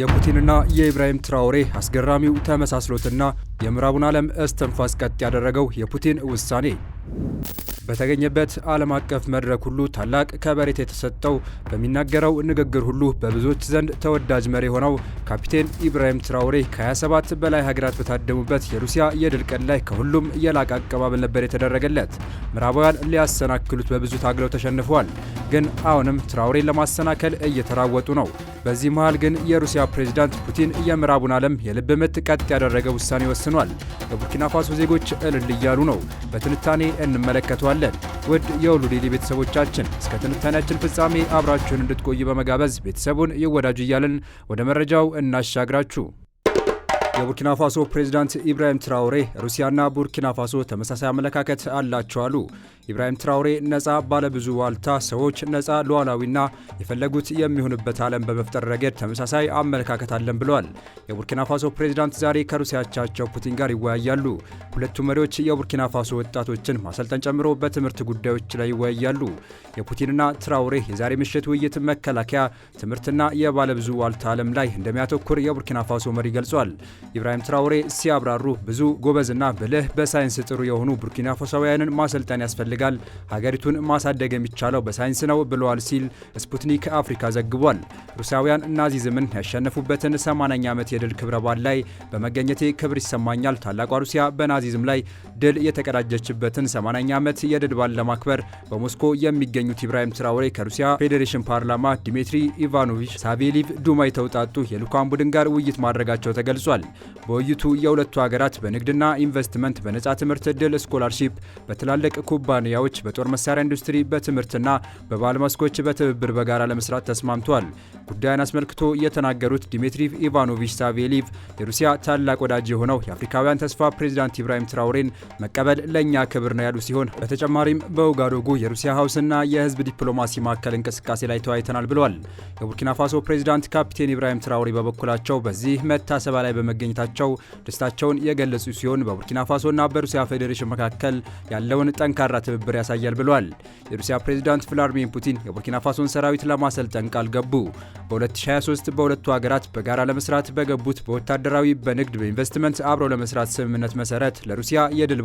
የፑቲንና የኢብራሂም ትራውሬ አስገራሚው ተመሳስሎትና የምዕራቡን ዓለም እስትንፋስ ቀጥ ያደረገው የፑቲን ውሳኔ በተገኘበት ዓለም አቀፍ መድረክ ሁሉ ታላቅ ከበሬታ የተሰጠው በሚናገረው ንግግር ሁሉ በብዙዎች ዘንድ ተወዳጅ መሪ ሆነው ካፒቴን ኢብራሂም ትራውሬ ከ27 በላይ ሀገራት በታደሙበት የሩሲያ የድል ቀን ላይ ከሁሉም የላቀ አቀባበል ነበር የተደረገለት። ምዕራባውያን ሊያሰናክሉት በብዙ ታግለው ተሸንፈዋል። ግን አሁንም ትራውሬን ለማሰናከል እየተራወጡ ነው። በዚህ መሃል ግን የሩሲያ ፕሬዚዳንት ፑቲን የምዕራቡን ዓለም የልብ ምት ቀጥ ያደረገ ውሳኔ ወስኗል። የቡርኪና ፋሶ ዜጎች እልል እያሉ ነው። በትንታኔ እንመለከተዋል። እንጠይቃለን። ውድ የሁሉ ዴይሊ ቤተሰቦቻችን እስከ ትንታኔያችን ፍጻሜ አብራችሁን እንድትቆዩ በመጋበዝ ቤተሰቡን ይወዳጁ እያልን ወደ መረጃው እናሻግራችሁ። የቡርኪና ፋሶ ፕሬዚዳንት ኢብራሂም ትራውሬ ሩሲያና ቡርኪና ፋሶ ተመሳሳይ አመለካከት አላቸው አሉ። ኢብራሂም ትራውሬ ነፃ ባለብዙ ዋልታ ሰዎች ነፃ ሉዓላዊና የፈለጉት የሚሆንበት ዓለም በመፍጠር ረገድ ተመሳሳይ አመለካከት አለን ብለዋል። የቡርኪና ፋሶ ፕሬዚዳንት ዛሬ ከሩሲያ አቻቸው ፑቲን ጋር ይወያያሉ። ሁለቱ መሪዎች የቡርኪና ፋሶ ወጣቶችን ማሰልጠን ጨምሮ በትምህርት ጉዳዮች ላይ ይወያያሉ። የፑቲንና ትራውሬ የዛሬ ምሽት ውይይት መከላከያ፣ ትምህርትና የባለብዙ ዋልታ ዓለም ላይ እንደሚያተኩር የቡርኪና ፋሶ መሪ ገልጿል። ኢብራሂም ትራውሬ ሲያብራሩ ብዙ ጎበዝና ብልህ በሳይንስ ጥሩ የሆኑ ቡርኪና ፋሶውያንን ማሰልጠን ያስፈልጋል ያስፈልጋል፣ ሀገሪቱን ማሳደግ የሚቻለው በሳይንስ ነው ብለዋል ሲል ስፑትኒክ አፍሪካ ዘግቧል። ሩሲያውያን ናዚዝምን ያሸነፉበትን 80ኛ ዓመት የድል ክብረ በዓል ላይ በመገኘቴ ክብር ይሰማኛል። ታላቋ ሩሲያ በናዚዝም ላይ ድል የተቀዳጀችበትን 80ኛ ዓመት የድል በዓል ለማክበር በሞስኮ የሚገኙት ኢብራሂም ትራውሬ ከሩሲያ ፌዴሬሽን ፓርላማ ዲሜትሪ ኢቫኖቪች ሳቬሊቭ ዱማ የተውጣጡ የልኡካን ቡድን ጋር ውይይት ማድረጋቸው ተገልጿል። በውይይቱ የሁለቱ ሀገራት በንግድና ኢንቨስትመንት፣ በነጻ ትምህርት ድል ስኮላርሺፕ፣ በትላልቅ ኩባንያ ኩባንያዎች በጦር መሳሪያ ኢንዱስትሪ፣ በትምህርትና በባህል መስኮች በትብብር በጋራ ለመስራት ተስማምቷል። ጉዳዩን አስመልክቶ የተናገሩት ዲሚትሪ ኢቫኖቪች ሳቬሊቭ የሩሲያ ታላቅ ወዳጅ የሆነው የአፍሪካውያን ተስፋ ፕሬዚዳንት ኢብራሂም ትራውሬን መቀበል ለእኛ ክብር ነው ያሉ ሲሆን በተጨማሪም በውጋዶጉ የሩሲያ ሀውስና የህዝብ ዲፕሎማሲ ማዕከል እንቅስቃሴ ላይ ተወያይተናል ብለዋል። የቡርኪና ፋሶ ፕሬዚዳንት ካፕቴን ኢብራሂም ትራውሬ በበኩላቸው በዚህ መታሰቢያ ላይ በመገኘታቸው ደስታቸውን የገለጹ ሲሆን በቡርኪና ፋሶና በሩሲያ ፌዴሬሽን መካከል ያለውን ጠንካራ ትብ ትብብር ያሳያል ብሏል። የሩሲያ ፕሬዚዳንት ቭላዲሚር ፑቲን የቡርኪና ፋሶን ሰራዊት ለማሰልጠን ቃል ገቡ። በ2023 በሁለቱ ሀገራት በጋራ ለመስራት በገቡት በወታደራዊ፣ በንግድ፣ በኢንቨስትመንት አብሮ ለመስራት ስምምነት መሰረት ለሩሲያ የድል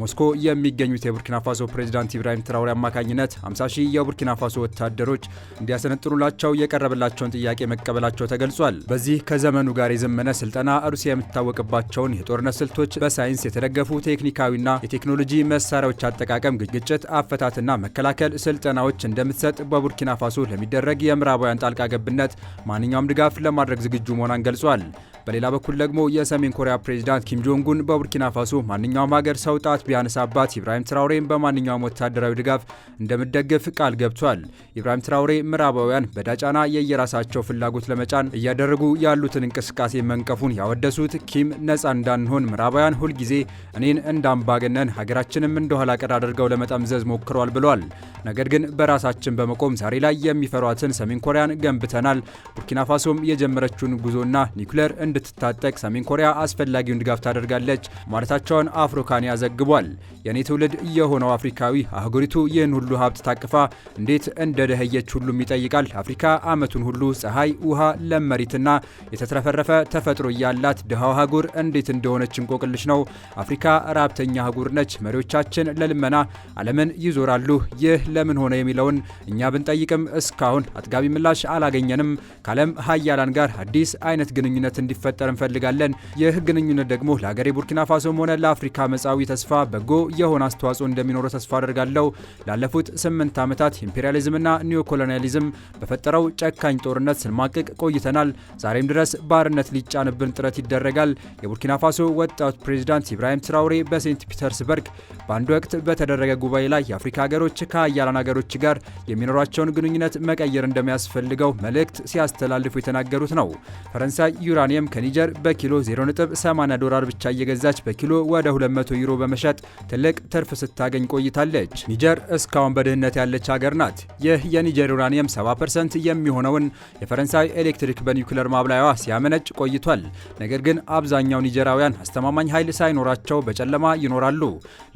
ሞስኮ የሚገኙት የቡርኪና ፋሶ ፕሬዚዳንት ኢብራሂም ትራውሬ አማካኝነት 50 ሺህ የቡርኪና ፋሶ ወታደሮች እንዲያሰነጥኑላቸው የቀረበላቸውን ጥያቄ መቀበላቸው ተገልጿል። በዚህ ከዘመኑ ጋር የዘመነ ስልጠና ሩሲያ የምታወቅባቸውን የጦርነት ስልቶች በሳይንስ የተደገፉ ቴክኒካዊና የቴክኖሎጂ መሳሪያዎች አጠቃቀም ግጭት አፈታትና መከላከል ስልጠናዎች እንደምትሰጥ በቡርኪና ፋሶ ለሚደረግ የምዕራባውያን ጣልቃ ገብነት ማንኛውም ድጋፍ ለማድረግ ዝግጁ መሆኗን ገልጿል። በሌላ በኩል ደግሞ የሰሜን ኮሪያ ፕሬዚዳንት ኪም ጆንጉን በቡርኪና ፋሶ ማንኛውም ሀገር ሰው ጣት ቢያነሳባት ኢብራሂም ትራውሬን በማንኛውም ወታደራዊ ድጋፍ እንደምደግፍ ቃል ገብቷል። ኢብራሂም ትራውሬ ምዕራባውያን በዳጫና የየራሳቸው ፍላጎት ለመጫን እያደረጉ ያሉትን እንቅስቃሴ መንቀፉን ያወደሱት ኪም ነጻ እንዳንሆን ምዕራባውያን ሁልጊዜ እኔን እንዳምባገነን ሀገራችንም እንደኋላ ቀር አድርገው ለመጠምዘዝ ሞክረዋል ብሏል። ነገር ግን በራሳችን በመቆም ዛሬ ላይ የሚፈሯትን ሰሜን ኮሪያን ገንብተናል። ቡርኪና ፋሶም የጀመረችውን ጉዞና ኒኩሌር እንደ እንድትታጠቅ ሰሜን ኮሪያ አስፈላጊውን ድጋፍ ታደርጋለች ማለታቸውን አፍሮካን ዘግቧል። የኔ ትውልድ የሆነው አፍሪካዊ አህጉሪቱ ይህን ሁሉ ሀብት ታቅፋ እንዴት እንደደህየች ሁሉም ይጠይቃል። አፍሪካ አመቱን ሁሉ ፀሐይ፣ ውሃ፣ ለም መሬትና የተትረፈረፈ ተፈጥሮ እያላት ድሃው አህጉር እንዴት እንደሆነች እንቆቅልሽ ነው። አፍሪካ ራብተኛ አህጉር ነች። መሪዎቻችን ለልመና ዓለምን ይዞራሉ። ይህ ለምን ሆነ የሚለውን እኛ ብንጠይቅም እስካሁን አጥጋቢ ምላሽ አላገኘንም። ከዓለም ሀያላን ጋር አዲስ አይነት ግንኙነት እንዲፈ እንዲፈጠር እንፈልጋለን። ይህ ግንኙነት ደግሞ ለሀገሬ ቡርኪና ፋሶም ሆነ ለአፍሪካ መጻዊ ተስፋ በጎ የሆነ አስተዋጽኦ እንደሚኖረው ተስፋ አደርጋለሁ። ላለፉት ስምንት ዓመታት ኢምፔሪያሊዝምና ኒዮኮሎኒያሊዝም በፈጠረው ጨካኝ ጦርነት ስንማቅቅ ቆይተናል። ዛሬም ድረስ ባርነት ሊጫንብን ጥረት ይደረጋል። የቡርኪና ፋሶ ወጣት ፕሬዚዳንት ኢብራሂም ትራውሬ በሴንት ፒተርስበርግ በአንድ ወቅት በተደረገ ጉባኤ ላይ የአፍሪካ ሀገሮች ከአያላን ሀገሮች ጋር የሚኖራቸውን ግንኙነት መቀየር እንደሚያስፈልገው መልእክት ሲያስተላልፉ የተናገሩት ነው። ፈረንሳይ ዩራኒየም ከኒጀር በኪሎ 0.80 ዶላር ብቻ እየገዛች በኪሎ ወደ 200 ዩሮ በመሸጥ ትልቅ ትርፍ ስታገኝ ቆይታለች። ኒጀር እስካሁን በድህነት ያለች ሀገር ናት። ይህ የኒጀር ዩራኒየም 70% የሚሆነውን የፈረንሳይ ኤሌክትሪክ በኒውክለር ማብላያዋ ሲያመነጭ ቆይቷል። ነገር ግን አብዛኛው ኒጀራውያን አስተማማኝ ኃይል ሳይኖራቸው በጨለማ ይኖራሉ።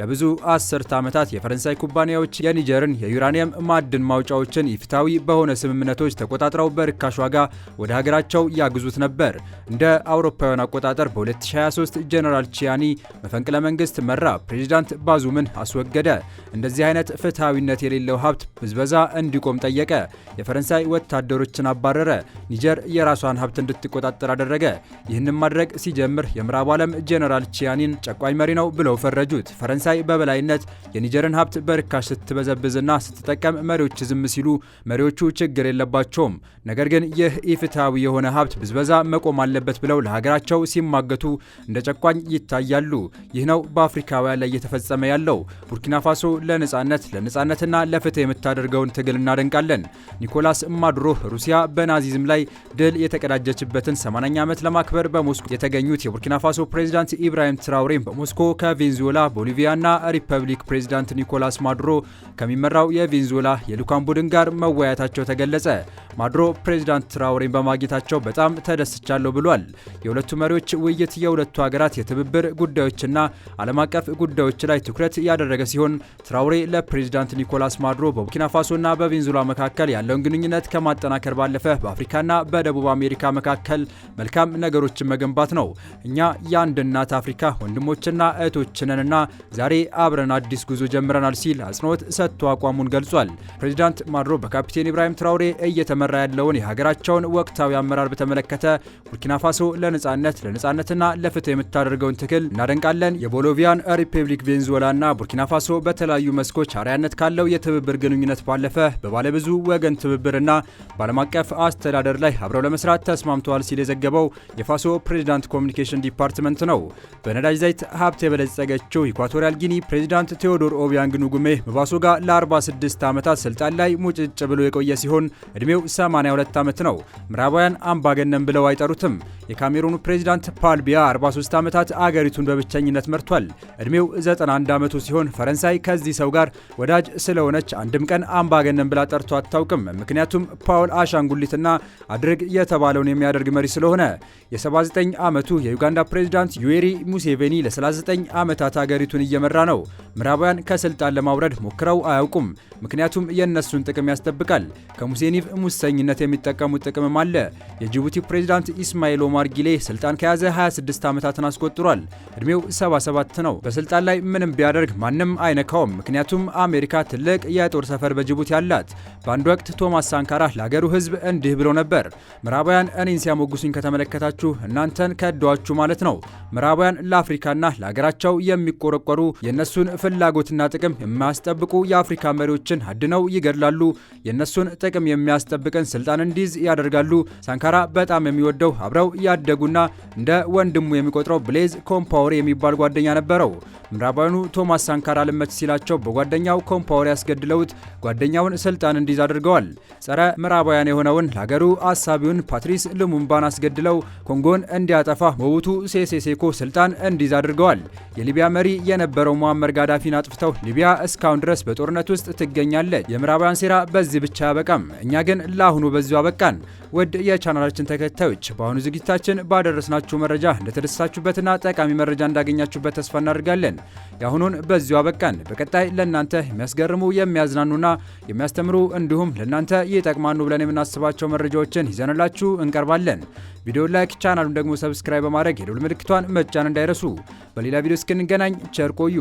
ለብዙ አስርት ዓመታት የፈረንሳይ ኩባንያዎች የኒጀርን የዩራኒየም ማዕድን ማውጫዎችን ይፍታዊ በሆነ ስምምነቶች ተቆጣጥረው በርካሽ ዋጋ ወደ ሀገራቸው ያግዙት ነበር። እንደ አውሮፓውያን አቆጣጠር በ2023 ጀነራል ቺያኒ መፈንቅለ መንግስት መራ፣ ፕሬዚዳንት ባዙምን አስወገደ። እንደዚህ አይነት ፍትሐዊነት የሌለው ሀብት ብዝበዛ እንዲቆም ጠየቀ። የፈረንሳይ ወታደሮችን አባረረ። ኒጀር የራሷን ሀብት እንድትቆጣጠር አደረገ። ይህንን ማድረግ ሲጀምር የምዕራቡ ዓለም ጀነራል ቺያኒን ጨቋኝ መሪ ነው ብለው ፈረጁት። ፈረንሳይ በበላይነት የኒጀርን ሀብት በርካሽ ስትበዘብዝና ስትጠቀም መሪዎች ዝም ሲሉ መሪዎቹ ችግር የለባቸውም። ነገር ግን ይህ ኢፍትሐዊ የሆነ ሀብት ብዝበዛ መቆም አለበት አለበት ብለው ለሀገራቸው ሲማገቱ እንደ ጨቋኝ ይታያሉ። ይህ ነው በአፍሪካውያን ላይ እየተፈጸመ ያለው። ቡርኪና ፋሶ ለነጻነት ለነጻነትና ለፍትህ የምታደርገውን ትግል እናደንቃለን። ኒኮላስ ማዱሮ ሩሲያ በናዚዝም ላይ ድል የተቀዳጀችበትን 80ኛ ዓመት ለማክበር በሞስኮ የተገኙት የቡርኪና ፋሶ ፕሬዚዳንት ኢብራሂም ትራውሬ በሞስኮ ከቬንዙዌላ፣ ቦሊቪያና ሪፐብሊክ ፕሬዚዳንት ኒኮላስ ማዱሮ ከሚመራው የቬንዙዌላ የልኡካን ቡድን ጋር መወያየታቸው ተገለጸ። ማዱሮ ፕሬዚዳንት ትራውሬን በማግኘታቸው በጣም ተደስቻለሁ ብሏል። ይገኛል። የሁለቱ መሪዎች ውይይት የሁለቱ ሀገራት የትብብር ጉዳዮችና ዓለም አቀፍ ጉዳዮች ላይ ትኩረት ያደረገ ሲሆን ትራውሬ ለፕሬዚዳንት ኒኮላስ ማድሮ በቡርኪና ፋሶና በቬንዙላ መካከል ያለውን ግንኙነት ከማጠናከር ባለፈ በአፍሪካና በደቡብ አሜሪካ መካከል መልካም ነገሮችን መገንባት ነው። እኛ የአንድ እናት አፍሪካ ወንድሞችና እህቶችነንና ዛሬ አብረን አዲስ ጉዞ ጀምረናል ሲል አጽንኦት ሰጥቶ አቋሙን ገልጿል። ፕሬዚዳንት ማድሮ በካፒቴን ኢብራሂም ትራውሬ እየተመራ ያለውን የሀገራቸውን ወቅታዊ አመራር በተመለከተ ቡርኪና ፋሶ ለነጻነት ለነጻነትና ለፍትህ የምታደርገውን ትግል እናደንቃለን። የቦሎቪያን ሪፐብሊክ፣ ቬንዙዌላና ቡርኪና ፋሶ በተለያዩ መስኮች አርያነት ካለው የትብብር ግንኙነት ባለፈ በባለብዙ ወገን ትብብርና በዓለም አቀፍ አስተዳደር ላይ አብረው ለመስራት ተስማምተዋል ሲል የዘገበው የፋሶ ፕሬዚዳንት ኮሚኒኬሽን ዲፓርትመንት ነው። በነዳጅ ዘይት ሀብት የበለጸገችው ኢኳቶሪያል ጊኒ ፕሬዚዳንት ቴዎዶር ኦቢያንግ ኑጉሜ መባሶ ጋር ለ46 ዓመታት ስልጣን ላይ ሙጭጭ ብሎ የቆየ ሲሆን ዕድሜው 82 ዓመት ነው። ምዕራባውያን አምባገነን ብለው አይጠሩትም። የካሜሩኑ ፕሬዚዳንት ፓል ቢያ 43 ዓመታት አገሪቱን በብቸኝነት መርቷል። ዕድሜው 91 ዓመቱ ሲሆን ፈረንሳይ ከዚህ ሰው ጋር ወዳጅ ስለሆነች አንድም ቀን አምባገነን ብላ ጠርቶ አታውቅም። ምክንያቱም ፓውል አሻንጉሊትና አድርግ የተባለውን የሚያደርግ መሪ ስለሆነ። የ79 ዓመቱ የዩጋንዳ ፕሬዚዳንት ዩዌሪ ሙሴቬኒ ለ39 ዓመታት አገሪቱን እየመራ ነው። ምዕራባውያን ከስልጣን ለማውረድ ሞክረው አያውቁም። ምክንያቱም የእነሱን ጥቅም ያስጠብቃል። ከሙሴኒቭ ሙሰኝነት የሚጠቀሙት ጥቅምም አለ። የጅቡቲ ፕሬዚዳንት ኢስማኤል ኦማር ጊሌ ስልጣን ከያዘ 26 ዓመታትን አስቆጥሯል። እድሜው 77 ነው። በስልጣን ላይ ምንም ቢያደርግ ማንም አይነካውም። ምክንያቱም አሜሪካ ትልቅ የጦር ሰፈር በጅቡቲ አላት። በአንድ ወቅት ቶማስ ሳንካራ ለሀገሩ ህዝብ እንዲህ ብሎ ነበር፣ ምዕራባውያን እኔን ሲያሞጉሱኝ ከተመለከታችሁ እናንተን ከዷችሁ ማለት ነው። ምዕራባውያን ለአፍሪካና ለሀገራቸው የሚቆረቆሩ የእነሱን ፍላጎትና ጥቅም የማያስጠብቁ የአፍሪካ መሪዎችን አድነው ይገድላሉ። የእነሱን ጥቅም የሚያስጠብቅን ስልጣን እንዲይዝ ያደርጋሉ። ሳንካራ በጣም የሚወደው አብረው ያደጉና እንደ ወንድሙ የሚቆጥረው ብሌዝ ኮምፓወሪ የሚባል ጓደኛ ነበረው። ምዕራባውያኑ ቶማስ ሳንካራ ልመች ሲላቸው በጓደኛው ኮምፓወሪ ያስገድለውት ጓደኛውን ስልጣን እንዲይዝ አድርገዋል። ጸረ ምዕራባውያን የሆነውን ለሀገሩ አሳቢውን ፓትሪስ ልሙምባን አስገድለው ኮንጎን እንዲያጠፋ ሞቡቱ ሴሴ ሴኮ ስልጣን እንዲይዝ አድርገዋል። የሊቢያ መሪ የነበረው ሙአመር ጋዳፊን አጥፍተው ሊቢያ እስካሁን ድረስ በጦርነት ውስጥ ትገኛለች። የምዕራባውያን ሴራ በዚህ ብቻ አያበቃም። እኛ ግን ለአሁኑ በዚሁ አበቃን። ውድ የቻናላችን ተከታዮች በአሁኑ ዝግጅታችን ቻናላችን ባደረስናችሁ መረጃ እንደተደሰታችሁበትና ጠቃሚ መረጃ እንዳገኛችሁበት ተስፋ እናደርጋለን። የአሁኑን በዚሁ አበቃን። በቀጣይ ለእናንተ የሚያስገርሙ የሚያዝናኑና የሚያስተምሩ እንዲሁም ለእናንተ ይጠቅማኑ ብለን የምናስባቸው መረጃዎችን ይዘንላችሁ እንቀርባለን። ቪዲዮ ላይክ፣ ቻናሉን ደግሞ ሰብስክራይብ በማድረግ የደውል ምልክቷን መጫን እንዳይረሱ። በሌላ ቪዲዮ እስክንገናኝ ቸር ቆዩ።